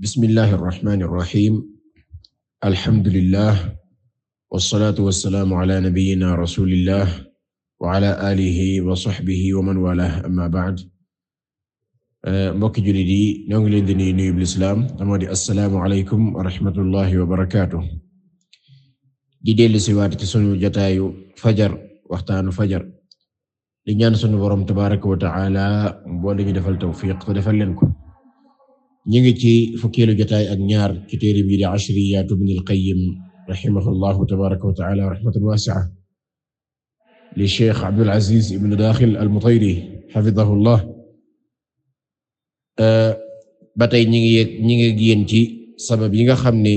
bismillahi irrahmani irrahim alhamdulillah wasalaatu wasalaamu ala nabiyina rasulillah wa ala alihi wa sahbihi wa man walah amma ba'd eh, mbokki jullit yi ñoo ngi leen di nuyu nuyu lislaam dama di assalaamu alaykum wa rahmatullahi wa barakaatuh di dellu si waat ci sunu jataayu fajar waxtaanu fajar di ñaan sunu borom tabaraka wa taala boo dañu defal tawfiq te defal leen ko ñu ngi ci fukkeelu jotaay ak ñaar ci téere bi di ashriyaatu ibn al-Qayyim rahimahullahu tabaraka wa taala rahmatan waasi'a li Cheikh Abdul Aziz ibn Daaxil al-Mutayri xafidahullah ba tey ñi ngi ñi ngi yéen ci sabab yi nga xam ni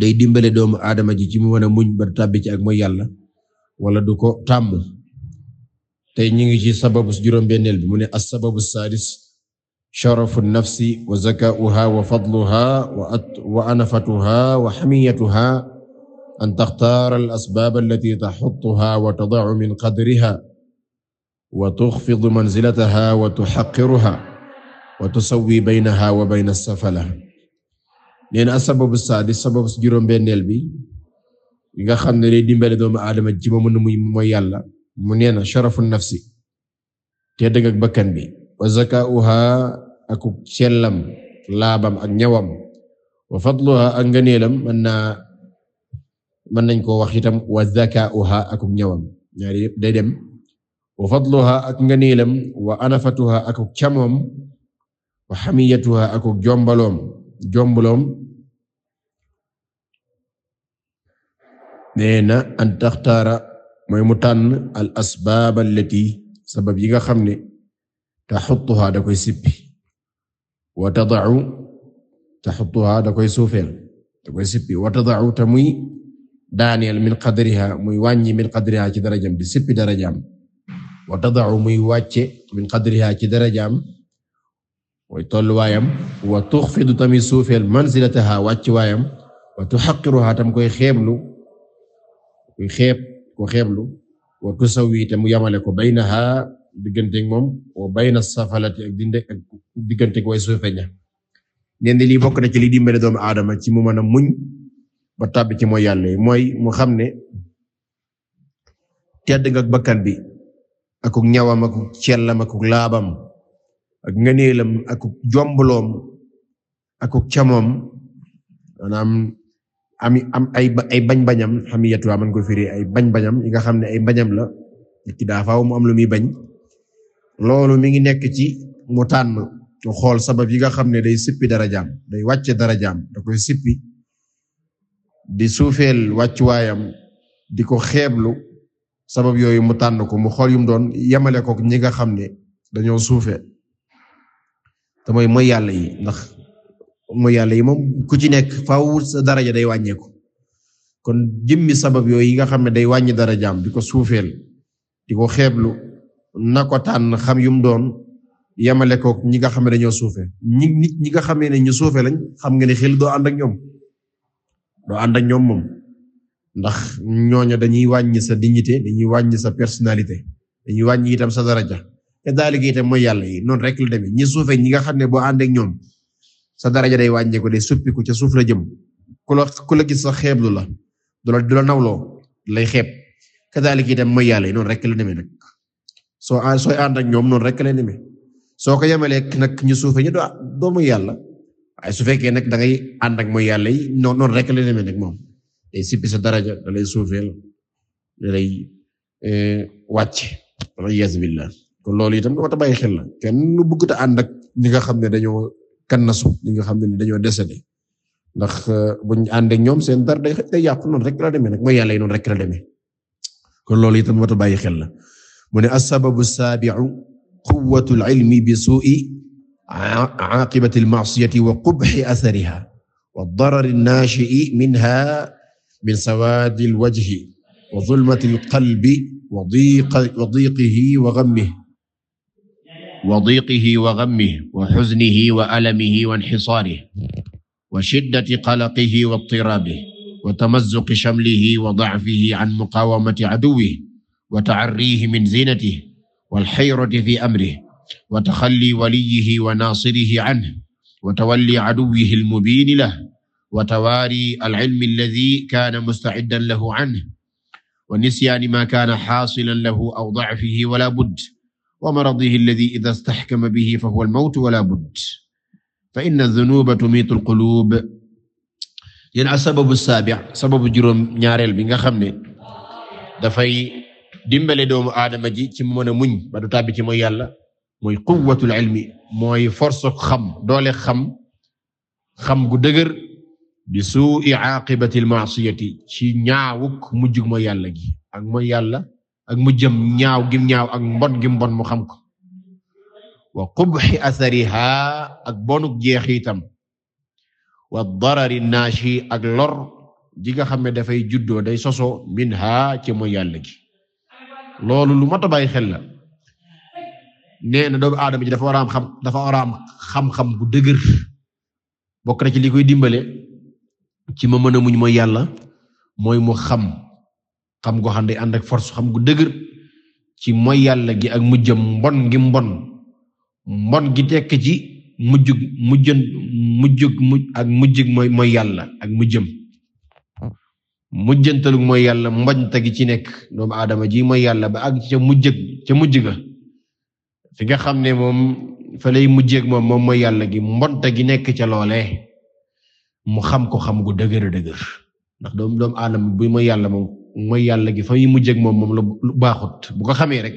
day dimbale doomu aadama ji ci mu mën a muñ ba tàbbi ci ak mooy yàlla wala du ko tàmm tey ñi ngi ci sababu juróom-benneel bi mu ne as-sababu saadis sharafu nafsi wa zakauha wa fadluha wa anafatuha wa hamiyatuha an taxtaara al-asbaab allati taxuttuha wa tada'u min qadriha wa tuxfidu manzilataha wa tuxaqiruha wa tusawwi baynaha wa bayna as-safala neen as-sababu saadis sababu juróom-benneel bi nga xam ne day dimbale doomu aadama ji ba mën muy mooy yàlla mu neena sharafu nafsi te dëgg ak bakkan bi wa zakauha akuk cellam laabam ak ñawam wa fadluha ak ngëneelam mën naa mën nañ koo wax itam wa zakauha akuk ñawam ñaari yëpp day dem wa fadluha ak ngëneelam wa anafatuha akuk camoom wa xamiyatuha akuk jombaloom jombaloom nee na an taxtaara mooy mu tànn al asbaab allati sabab yi nga xam ne taxutuha da koy sippi wa tada'u taxutuha da koy suufeel da koy sippi wa tada'u ta muy daaneel min qadriha muy wàññi min qadriha ci darajam di sippi darajaam wa tada'u muy wàcce min qadriha ci darajaam mooy tolluwaayam wa tuxfidu tamit suufeel manzilataha wàcc waayam tam koy xeeblu koy xeeb ko xeeblu wa tusawi tam yamale digganteeg moom wa bayna safalati ak dinde ak digganteeg way suufe ña nee na lii bokk na ci li dimbale doomu aadama ci mu mana a muñ ba tàbbi ci mooy yàlla mooy mu xam ne tedd nga bakkan bi akuk ñawam akuk cellam akuk laabam ak ngëneelam akuk jombloom akuk camoom maanaam am am ay ay bañ-bañam xam yetwaa mën ko firi ay bañ-bañam yi nga xam ne ay bañam la ki daa mu am lu muy bañ loolu mi ngi nekk ci mu tànn mu xool sabab yi nga xam ne day sippi darajaam day wàcce darajaam da koy sippi di suufeel wàccuwaayam di ko xeeblu sabab yooyu mu tànn ko mu xool yum doon yemale ko ñi nga xam ne dañoo suufee te mooy yàlla yi ndax mooy yàlla yi moom ku ci nekk faaw sa daraja day wàññeeku kon jëmmi sabab yooyu yi nga xam ne day wàññi darajaam di ko suufeel di ko xeeblu na ko tànn xam yum doon yemale ko ñi nga xam ne dañoo suufe ñi nit ñi nga xamee ne ñu suufe lañ xam nga ne xel doo ànd ak ñoom doo ànd ak ñoom moom ndax ñooñu dañuy wàññi sa dignité dañuy wàññi sa personnalité dañuy wàññi itam sa daraja te daaligi itam mooy yàlla yi noonu rek la demee ñi suufe ñi nga xam ne boo ànd ak sa daraja day wàññeeku day suppiku ca suuf la jëm ku ku la gis sa xeeblu la du la du la nawloo lay xeeb te daaligi itam mooy yàlla yi noonu rekk la demee nag soo sooy ànd ak ñoom noonu rek leen demee soo ko yemaleeg nag ñu suufee ñu doo mooy yàlla su fekkee nag da ngay ànd ak mooy yàlla yi noonu rek leen demee nag moom day sippi sa daraja da lay suufeel da lay eh, wàcce kon loolu itam dama bàyyi xel la kenn bëgg ta ànd ak ñi nga xam ne dañoo kannasu ñi nga xam ne dañoo décédé ndax eh, buñ ànd ak ñoom seen dara day day yàqu noonu rek la demee nag mooy yàlla yi noonu rek la demee kon loolu itam dama ta bàyyi xel na mu ne assababu saabiu quwatu alilmi bi suui aaqibati almaasiyati wa qubxi athariha wa darari naashii minha min sawaadi alwajhi wa zulmati alqalbi wa diiqihi wa gammihi wa diiqihi wa gammihi wa xuznihi wa alamihi wa inxisaarihi wa shiddati qalaqihi wa idtiraabihi wa tamassuqi shamlihi wa dacfihi can muqaawamati caduwwihi wa ta'arrihi min zinatihi wal hayrati fi amrihi wa taxalli waliyyihi wa naasirihi anhu wa tawalli aduwwihi al-mubiini lahu wa tawaari al-ilmi alladhii kaana musta'iddan lahu anhu wa nisyaani maa kaana haasilan lahu aw da'fihi wa laa budda wa maradihi alladhii idhaa istahkama bihi fahuwa al-mawtu wa laa budda fa inna adh-dhunuuba tumiitu al-quluub yéen a sababu saabi' sababu juróom ñaareel bi nga xam ne dafay dimbale doomu aadama ji ci mën a muñ ba du tàbbi ci mooy yàlla mooy quwwatul ilmi mooy force xam doole xam xam gu dëgër bi suu'i aaqibatil maasiyati ci ñaawuk mujjug mooy yàlla gi ak mooy yàlla ak mujjam ñaaw gim ñaaw ak mbot gim mbon mu xam ko wa qubxi asariha ak bonuk jeexitam wa darari naashi ak lor ji nga xam ne dafay juddoo day soso minha ci mooy yàlla gi loolu lu mot a bàyyi xel la nee na doomu aadama ji dafa waram a xam dafa war a am xam-xam bu dëgër bokk na ci li koy dimbale ci ma mën a muñ mooy yàlla mooy mu xam xam goo xam day ànd ak force xam gu dëgër ci mooy yàlla gi ak mujjam mbon gi mbon mbon gi tekk ci mujj mujjën mujjug mujj ak mujj mooy mooy yàlla ak mujjam mujjantalu mooy yàlla mbañte gi ci nekk doomu aadama ji mooy yàlla ba ag ca mujj ca mujj ga fi nga xam ne moom fa lay mujjeeg moom moom mooy yàlla gi mbonte gi nekk ca loole mu xam ko xam gu dëgër dëgër ndax doom doomu aadama bi mooy yàlla moom mooy yàlla gi fa muy mujjeeg moom moom lu baaxut bu ko xamee rek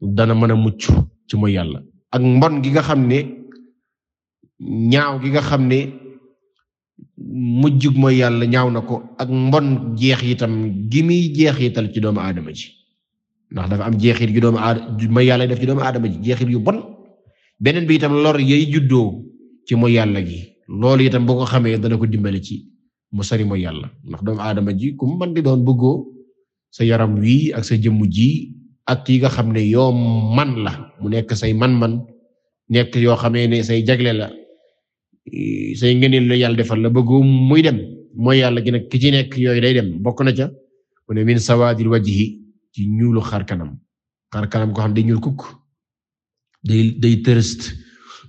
dana mën a mucc ci mooy yàlla ak mbon gi nga xam ne ñaaw gi nga xam ne mujj mooy yàlla ñaaw na ko ak mbon jeex itam gi muy jeexital ci doomu aadama ji ndax dafa am jeexit yu doomu aadama yàlla def ci doomu aadama ji jeexit yu bon beneen bi itam lor yay juddoo ci mu yàlla gi loolu itam boo ko xamee dana ko dimbale ci mu sori mooy yàlla ndax doomu aadama ji ku man di doon bëggoo sa yaram wii ak sa jëmm ji ak yi nga xam ne yoo man la mu nekk say man-man nekk yoo xamee ne say jagle la say ngëneel la yàlla defal la bëggum muy dem mooy yàlla gi nag ki ci nekk yooyu day dem bokk na ca mu ne min sawaadil wajhi ci ñuulu xar kanam xar kanam ko xam day ñuul kukk day day tërëst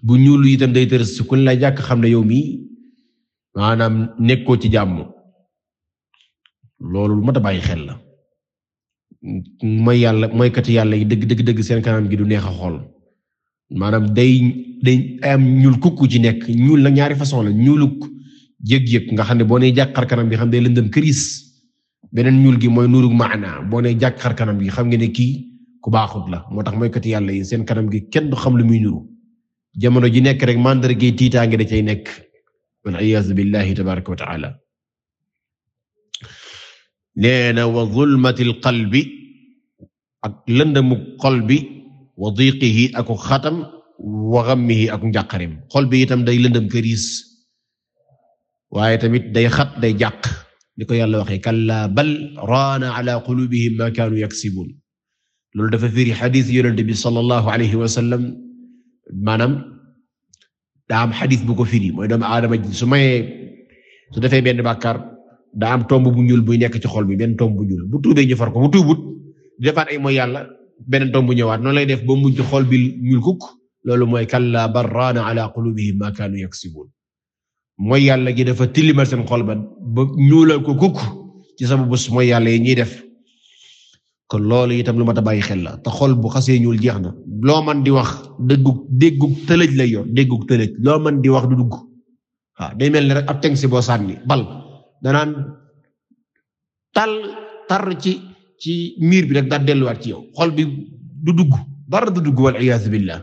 bu ñuul itam day tërëst ku jàkk xam ne yow mii maanaam nekkoo ci jàmm loolu lu mat a bàyyi xel la mooy yàlla mooy kat yàlla yi dëgg dëgg dëgg seen kanam gi du neex a xool maanaam day day am ñuul kukku ci nekk ñuul nag ñaari façon la ñuuluk yëg-yëg nga xam ne boo ne jàkk xar bi xam day lëndëm këris beneen ñuul gi mooy nuurug maana boo nee jàkk xar xam nga ne kii ku baaxut la moo tax mooy kati yàlla yi seen kanam gi kenn du xam lu muy nuru jamono ji nekk rek mandargay ngi da cay nekk wala iyaazu billahi tabaraka wa taala nee na wa zulmatil qalbi ak lëndëmu xol bi wa diqihi ak xatam wa ghammihi ak njàqareem xol bi itam day lëndëm këriis waaye tamit day xat day jàq ni ko yàlla waxee kalla bal raana ala qulubihim ma kaanu yaksibuun loolu dafa firi xadis yonent bi sallallahu alayhi wa sallam maanaam daa am bu ko firi mooy doomu aadama ji su mayee su defee benn bakkar daa am tomb bu ñuul buy nekk ci xol bi benn tomb bu ñuul bu tuubee ñu far ko bu tuubut di defaat ay mooy yàlla beneen tomb bu ñëwaat noonu lay def ba mujj xol bi ñuul kukk loolu mooy kalla barraana ala qulubihim ma kaanu yaksibuun mooy yàlla gi dafa tilimal seen xol ba ba ñuulal ko kukk ci sababu mooy yàlla yi ñuy def kon loolu itam lu mat a bàyyi xel la te xol bu xasee ñuul jeex na loo man di wax dëggug déggug tëlëj lay yor déggug loo man di wax du dugg waaw day mel ni rek ab teng si boo sànni bal danaan tal tar ci ci miir bi rek daal delluwaat ci yow xol bi du dugg dara du dugg wal iyaazu billah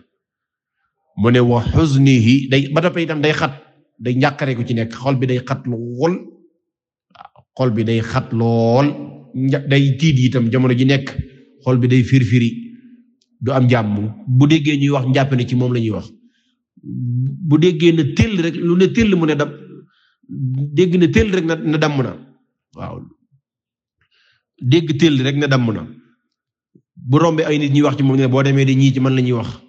mu ne wa xusnihi day ba toppee itam day xat day njàqare ku ci nekk xol bi day xat lool xol bi day xat lool day tiit itam jamono ji nekk xol bi day firfiri du am jàmm bu déggee ñuy wax njàpp ci moom la ñuy wax bu déggee na tëll rek lu ne tëll mu ne dam dégg na tëll rek na damm na waaw dégg tëll rek na damm na bu rombe ay nit ñuy wax ci moom ne boo demee de ñii ci man la ñuy wax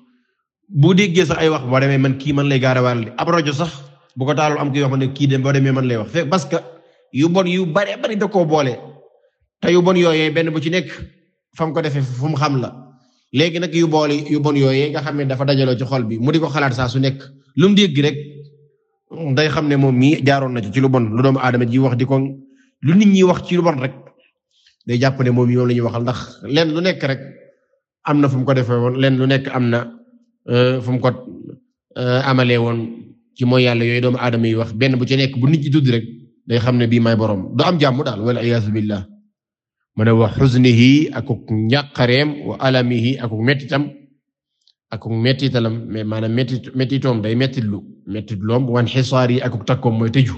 bu déggee sax ay wax boo demee man kii man lay gaare waral di ab rajo sax bu ko taalul am kuy wax ne kii dem boo demee man lay wax fekk parce que yu bon yu bare bari da koo boole te yu bon yooyee benn bu ci nekk fa ko defee fu mu xam la léegi nag yu boole yu bon yooyee nga xam ne dafa dajaloo ci xol bi mu di ko xalaat saa su nekk lu mu dégg rek day xam ne moom mii jaaroon na ci lu bon lu doomu aadama ji wax di ko lu nit ñi wax ci lu bon rek day jàpp ne moom mii moom la ñuy waxal ndax lenn lu nekk rek am na fu mu ko defee woon lenn lu nekk am na. Euh, fu mu ko euh, amalee woon ci mooy yàlla yooyu doomu aadama yi wax benn bu ci nekk bu nit ci tudd rek day xam ne bii may borom du am jàmm daal wala iyaasu billah mu ne wa xusnihi akuk njàqareem wa alamihi akuk mettitam akuk mettitalam mais maanaam metti mettitoom day mettitlu mettitloom wan xisaar yi akuk takkoom mooy tëju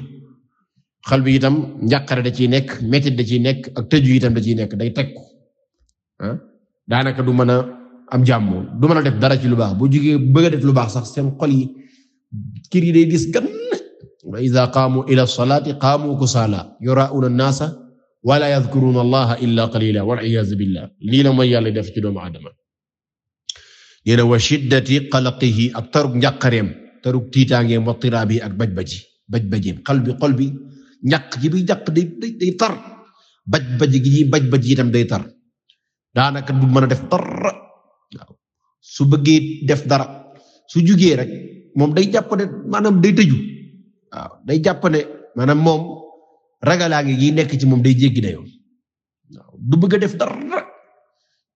xal bi itam njàqare da ciy nekk mettit da ciy nekk ak tëju itam da ciy nekk day takku ah du mën am jàmm du mën a def dara ci lu baax bu jugee bëgg a def lu baax sax seen xol yi kir yi day dis gan wa ida qaamu ila salaati qaamu kusaala yuraa'una naasa wala yadkuruuna allaha mooy yàlla def ci doomu aadama nee na wa shiddati qalaqihi ak tarug njàqareem tarug tiitaangeem wa tiraabi ak baj-baji baj-bajeem xol bi ñàq ji bi ñàq day day tar baj gi baj-baji itam day tar daanaka du mën a def dara su bëggee def dara su jugee rek moom day jàpp ne maanaam day tëju day jàpp ne maanaam moom ngi gi nekk ci moom day jéggi dayoo waaw du bëgg a def dara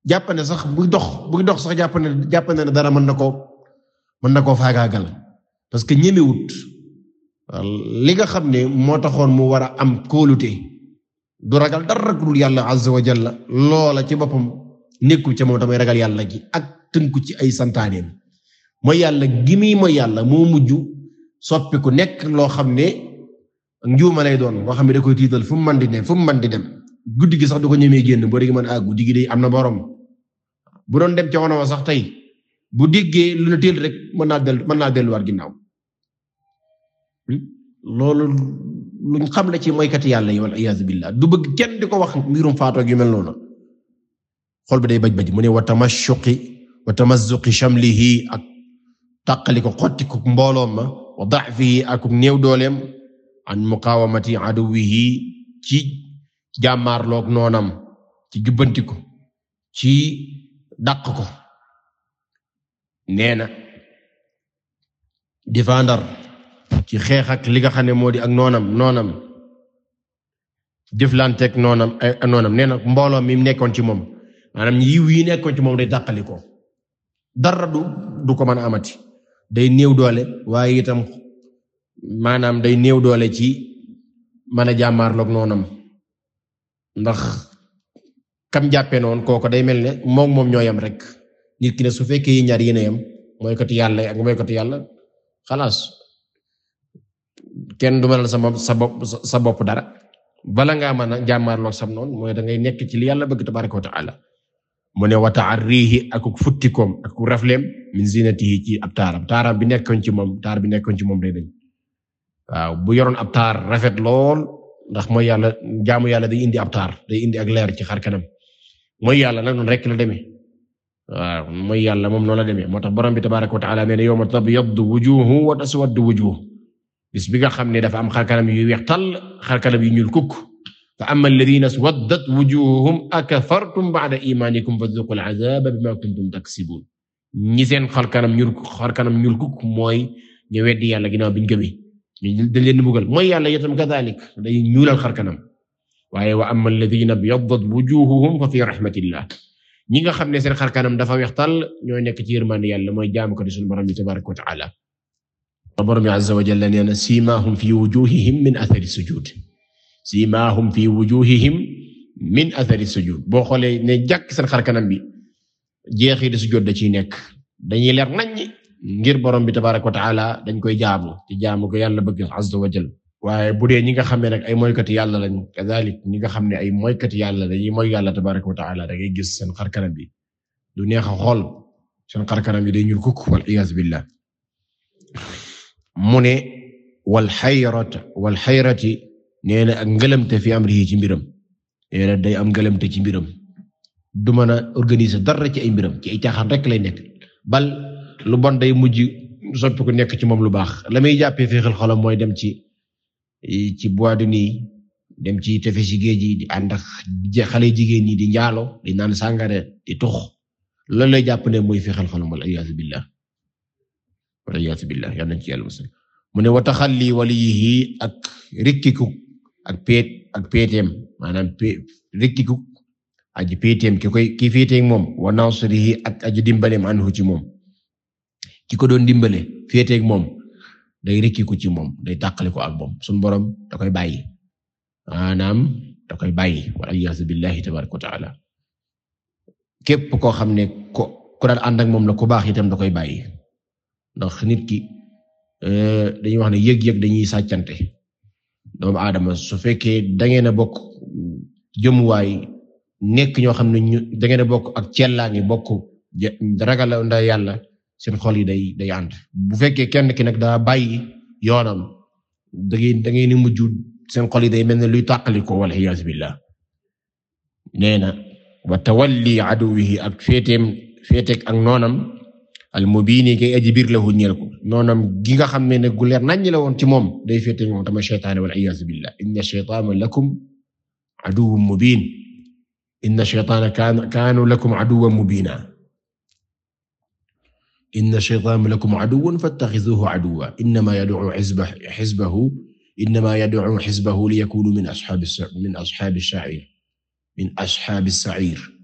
jàpp ne sax buy dox buy dox sax jàpp ne jàpp ne dara mën na koo mën na koo faagaagal parce que ñemewut li nga xam ne moo taxoon mu war a am kóolute du ragal dara ku dul yàlla azza wa jalla loola ci boppam. nekku ca moom damay ragal yàlla gi ak tënku ci ay santaaneem mooy yàlla gimi mooy yàlla moo mujj soppiku nekk loo xam ne njuuma lay doon loo xam ne da koy tiital fu mu mën di dem fu mu mën di dem guddi gi sax du ko ñemee génn boo dégg mën ah guddi gi day am na borom doon dem ca sax tey bu déggee lu la mën naa dellu mën naa delluwaat ginnaaw loolu luñ xam la ci moykati yàlla yi wal iyaazu billah du bëgg kenn di ko wax mbirum faatoo yu mel noonu xol bi day baj baj mu ne wa watama wa tamaszuqi shamlihi ak taqali ko xotti ku mbooloom ma wa da'fihi ak néew dooleem an muqawamati aduwihi ci jàmmaarloog noonam ci jubbanti ko ci daq ko nee na défendre ci xeex ak li nga xam ne moo di ak noonam noonam jëflanteeg noonam ay eh, noonam nee na mbooloom mi nekkoon ci moom maanaam yiw yi nekkoon ci moom day dàqali ko dara du du ko mën a amati day néew doole waaye itam maanaam day néew doole ci mën a jàmmaarloog noonam ndax kam jàppee noon kooku day mel ne moom moom ñoo yam rek nit ki ne su fekkee ñaar yéen a yem mooy kati yàlla ak mooy kati yàlla xalaas kenn du mënal sa sa bopp sa bopp dara bala ngaa mën a jàmmaarloog sam noonu mooy da ngay nekk ci li yàlla bëgg tabaraka wa taala moo ne wataarrihi ak futtikoom ak rafleem min zinatihi ci ab taaram taaram bi nekkoon ci moom taar bi nekkoon ci moom day waaw bu yoroon ab taar rafet lool ndax mooy yàlla jaamu yàlla day indi ab taar day indi ak leer ci xar kanam mooy yàlla nag noonu rek la demee waaw mooy yàlla moom noonu la deme moo tax borom bi tabaaraka wa ta'ala nee na yawma tabyaddu wujuuhun wa taswaddu wujuuh bis bi nga xam ne dafa am xar kanam yu weex tàll xar kanam ñuul kukk fa amma alladhina swaddat wujuhuhum akafartum ba'da imanikum fadhuqul azaba bima kuntum taksibun ñi seen xar kanam ñuul xar kanam ñuul kuk mooy ñu weddi yàlla ginnaaw biñ gëmee ñu dañ leen bugal mooy yàlla itam kadhalik day ñuulal xar kanam waaye wa amma alladhina byaddat wujuhuhum fa fi rahmatillah ñi nga xam ne seen xar kanam dafa wextal ñooy nekk ci yërmande yàlla mooy jaamu ko di sunu borom bi tabaraka wa taala borom bi azza wa jalla nee na simahum fi wujuhihim min athari sujud siimaahum fi wujuhihim min athari sujud boo xoolee ne jàkk seen xar kanam bi jeexi di sujud da ciy nekk dañuy leer naññi ngir borom bi tabaaraka wa taala dañ koy jaamu ci jaamu ko yàlla bëgg azza wa jal waaye bu dee ñi nga xam ne nag ay moykati yàlla lañ kadalik ñi nga xam ne ay moykati yàlla dañuy moy yàlla tabaaraka wa taala da ngay gis seen xar kanam bi du neex a xool seen xar kanam bi day ñuul kukk wal iyaaz billah mu ne wal xayrata wal xayrati nee na ak ngëlamte fi amrihi ci mbiram nee day am ngëlamte ci mbiram du mën a organiser dara ci ay mbiram ci ay caaxaan rek lay nekk bal lu bon day mujj soppi ku nekk ci moom lu baax la muy jàppee féexal xolam mooy dem ci ci bois de nuit dem ci tefes si géej gi di ànd ak xale jigéen ñi di njaalo di naan sàngara di tux loolu lay jàpp ne mooy féexal xolam wal iyaazu billah wal iyaazu billah yal nañ ci yàlla mu ne wa taxalli waliyihi ak rikkiku ak peet ak peeteem maanaam rëkkiku aji peeteem ki koy ki féetee moom wa nasrihi ak aji dimbaleem anhu ci moom ki ko doon dimbale féetee moom day rëkkiku ci moom day tàqale ko ak moom sun borom da koy bàyyi maanaam da koy bàyyi wal iyaazu billahi tabaraka wa taala képp koo xam ne ko ku daan moom la ko baax itam da koy bàyyi ndax nit ki eh, dañuy wax ne yëg-yëg dañuy sàccante doomu adama su fekkee dangeen a bokk jëmuwaay nekk ñoo xam ne ñu da a bokk ak cellaa ngi bokk ragal nda yàlla seen xol yi day day ànd bu fekkee kenn ki nag daa bàyyi yoonam da ngeen da ngeen seen xol yi day mel ne luy tàqaliko wala iyaazu billah nee na wa tawalli aduwihi ak féeteem féeteeg ak noonam al mubiini kay aji biir la wu ñeel ko noonam gi nga xam ne ne gu leer naññ la woon ci moom day féete moom tamit shaytaane wal iyaazu billah inna shaytaana lakum aduwwun mubiin inna shaytaana kaanu lakum aduwwan mubiina inna shaytaana lakum aduwwun fattaxizuuhu aduwwan innamaa yad'uu hizbahu innamaa yad'uu hizbahu liyakuunuu min ashaabi min ashaabi sha'iir min ashaabi sa'iir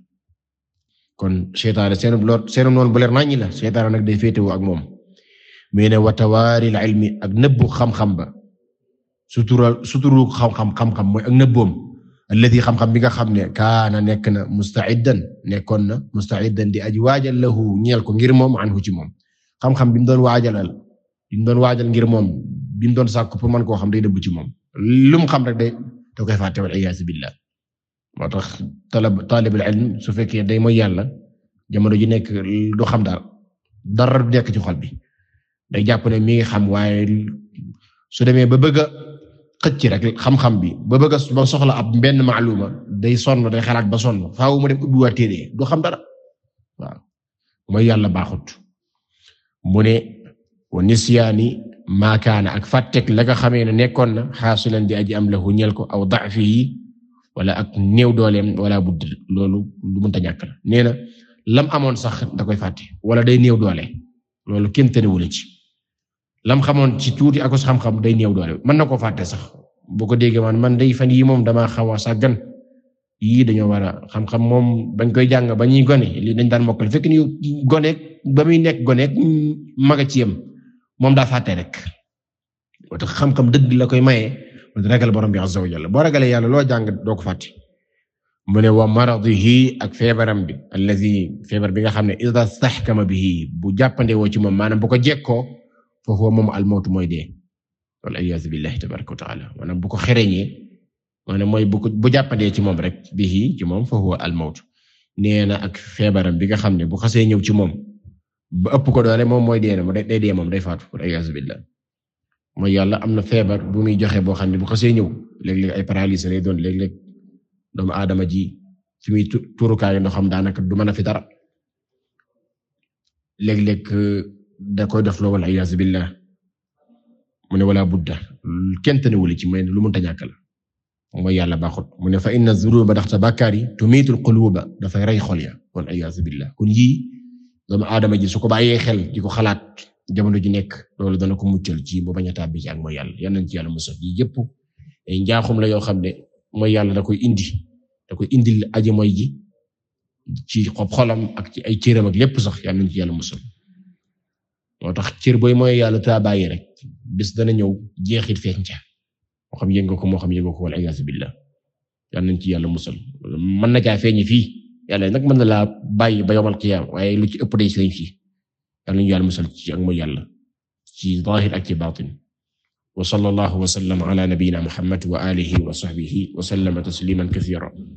kon seytaane seenub lool seenub noonu bu leer naññi la seytaane nag day féetewoo ak moom muy ne wa tawaaril ilmi ak nëbbu xam-xam ba sutural suturu xam-xam xam mooy ak nëbboom alladi xam-xam bi nga xam ne kaana nekk na musta musta'iddan nekkoon na musta musta'iddan di aj waajal lahu ñeel ko ngir moom an anhu ci moom xam-xam bi mu doon waajalal bi doon waajal ngir moom bi mu doon sàkku pour mën koo xam day dëbb ci moom lu mu xam rek day da koy fàtte wal iyaazu billah moo tax talab taalibul ilm su fekkee day mooy yàlla jamono ji nekk du xam daal dara du nekk ci xol bi day jàpp ne mi ngi xam waaye su demee ba bëgga a xëcc rek xam-xam bi ba bëgg a ba soxla ab benn maaluma day sonn day xalaat ba sonn faaw mu dem ubbiwaat téere du xam dara waaw mooy yàlla baaxut mu ne wa nisyaani maakaana ak fàttek la nga xamee ne nekkoon na xaasilan di aji am lahu ñel ko aw da'fi wala ak néew dooleem wala bu loolu lu mënta ñàkk la nee na lam amoon sax da koy fàtte wala day néew doole loolu kenn tënewula ci lam xamoon ci tuuti ak xam-xam day néew doole mën na koo fàtte sax boo ko déggee man man day fan yii moom damaa xaw a sàggan yii dañoo war a xam moom bañ koy jàng ba ñuy gone li dañ daan mokkal fekk ni goneeg ba muy nekk goneeg maga ci yam moom daa fàtte rek moo tax xam-xam dëgg la koy maye. ragal borom bi azza wa jalla boo ragalee yàlla loo jàng doo ko fàtte mu ne wa maradihi ak feebaram bi allazi feebar bi nga xam ne idha stahkama bihi bu jàppande woo ci moom maanaam bu ko jekkoo foofu moom almawtu mooy dee wal iyaazu billahi tabaraka wa taala bu ko xereñee maanaam mooy bu ko bu jàppandee ci moom rek bihi ci moom foofu almawtu nee na ak feebaram bi nga xam ne bu xasee ñëw ci moom ba ëpp ko doole moom mooy dee na mu day dee moom day faatu wal iyaazu billah mooy yàlla am na feebar bu muy joxe boo xam ne bu xasee ñëw léeg-léeg ay paralysie lay doon léeg-léeg doomu aadama ji fi muy turukaayu ndoxam daanaka du mën a fi dara léeg-léeg euh, da koy def loo wala iyaazu billah mu ne wala budda kenn tënewul ci may lu mënta ñàkk la mooy yàlla baaxut mu ne fa inna zunuba ndaxte bàkkaar yi tumiitul quluba dafay rey xol ya wala iyaazu doomu aadama ji su ko bàyyee xel di xalaat. jamono ji nekk loolu dana ko muccal ci mu bañ a tàbbi yàlla yal nañ ci yàlla musal yi yëpp ay njaaxum la yoo xam ne mooy yàlla da koy indi da koy indil aji ji ci xob xolam ak ci ay cëram ak lépp sax yal nañ ci moo tax cër booy mooy yàlla taa bàyyi rek bis dana ñëw jeexit feeñ ca moo xam yëngu ko moo xam yëngu ko wala iyaasu billah yal nañ ci yàlla musal mën na caa feeñ fii yàlla nag mën na laa bàyyi ba yomal qiyaam waaye lu ci ëpp day feeñ fii yàlla nañu yàlla musal ci ak mooy yàlla ci zaahir ak ci baatin wa sallallahu wa sallam ala nabiyyina muhammad wa alihi wa sahbihi wa sallama tasliman kathira